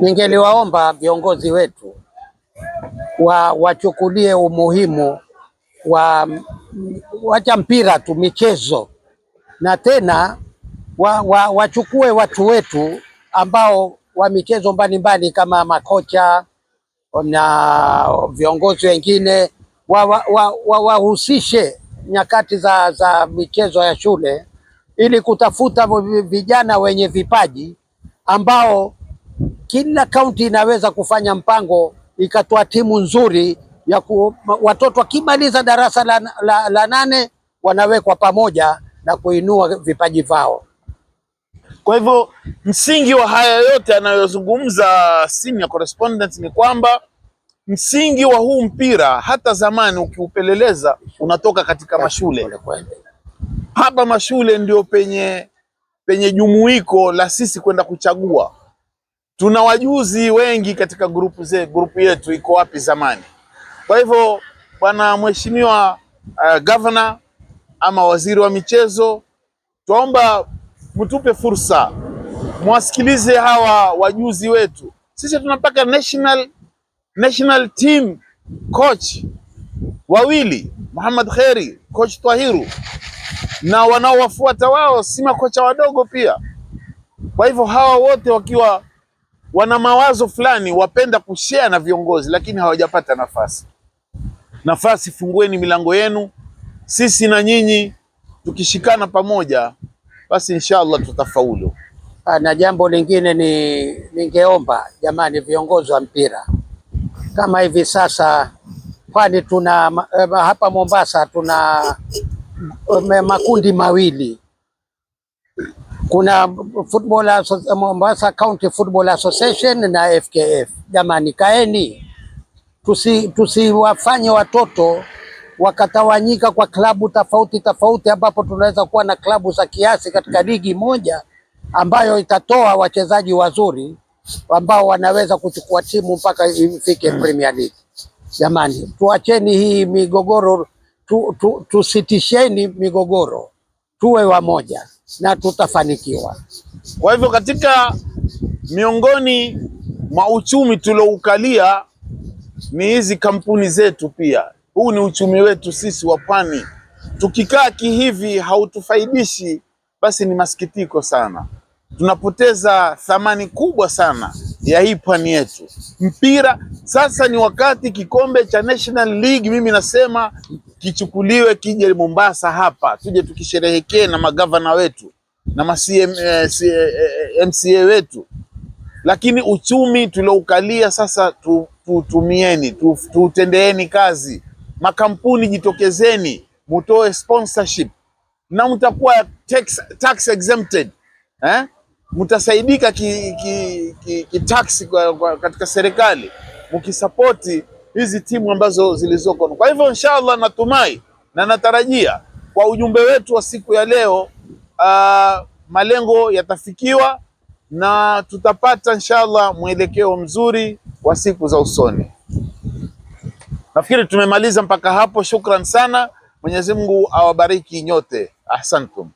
Ningeliwaomba viongozi wetu wa wachukulie umuhimu wa wacha mpira tu, michezo na tena wa, wa, wachukue watu wetu ambao wa michezo mbalimbali kama makocha na viongozi wengine wawahusishe wa, wa, wa nyakati za, za michezo ya shule ili kutafuta vijana wenye vipaji ambao kila kaunti inaweza kufanya mpango ikatoa timu nzuri ya ku, watoto wakimaliza darasa la, la, la nane wanawekwa pamoja na kuinua vipaji vao Kwa hivyo msingi wa haya yote anayozungumza simu ya correspondent ni kwamba msingi wa huu mpira hata zamani ukiupeleleza unatoka katika mashule. Hapa mashule ndio penye penye jumuiko la sisi kwenda kuchagua Tuna wajuzi wengi katika grupu ze, grupu yetu iko wapi zamani. Kwa hivyo bwana mheshimiwa uh, governor ama waziri wa michezo, twaomba mtupe fursa, mwasikilize hawa wajuzi wetu. Sisi tunapaka national national team coach wawili, Muhammad Kheri, coach Tahiru, na wanaowafuata wao si makocha wadogo pia. Kwa hivyo hawa wote wakiwa wana mawazo fulani, wapenda kushare na viongozi, lakini hawajapata nafasi. Nafasi, fungueni milango yenu. Sisi na nyinyi tukishikana pamoja, basi inshallah tutafaulu. Na jambo lingine ni ningeomba jamani, viongozi wa mpira kama hivi sasa, kwani tuna eh, hapa Mombasa tuna eh, makundi mawili kuna Football Mombasa County Football Association na FKF. Jamani, kaeni, tusiwafanye tusi watoto wakatawanyika kwa klabu tofauti tofauti, ambapo tunaweza kuwa na klabu za kiasi katika ligi moja ambayo itatoa wachezaji wazuri ambao wanaweza kuchukua timu mpaka ifike Premier League. Jamani, tuacheni hii migogoro tu, tu, tusitisheni migogoro, tuwe wamoja na tutafanikiwa. Kwa hivyo katika miongoni mwa uchumi tulioukalia ni hizi kampuni zetu pia. Huu ni uchumi wetu sisi wa pwani. Tukikaa kihivi hautufaidishi, basi ni masikitiko sana. Tunapoteza thamani kubwa sana ya hii pwani yetu. Mpira sasa ni wakati, kikombe cha National League, mimi nasema kichukuliwe kije Mombasa hapa, tuje tukisherehekee na magavana wetu na ma MCA eh, eh, eh, wetu, lakini uchumi tuloukalia sasa tuutumieni, tuutendeeni kazi. Makampuni jitokezeni, mutoe sponsorship na mtakuwa tax, tax exempted eh? Mtasaidika ki, ki, ki, ki tax katika serikali mkisapoti hizi timu ambazo zilizoko. Kwa hivyo inshallah, natumai na natarajia kwa ujumbe wetu wa siku ya leo uh, malengo yatafikiwa na tutapata inshallah mwelekeo mzuri wa siku za usoni. Nafikiri tumemaliza mpaka hapo. Shukran sana. Mwenyezi Mungu awabariki nyote. Ahsantum.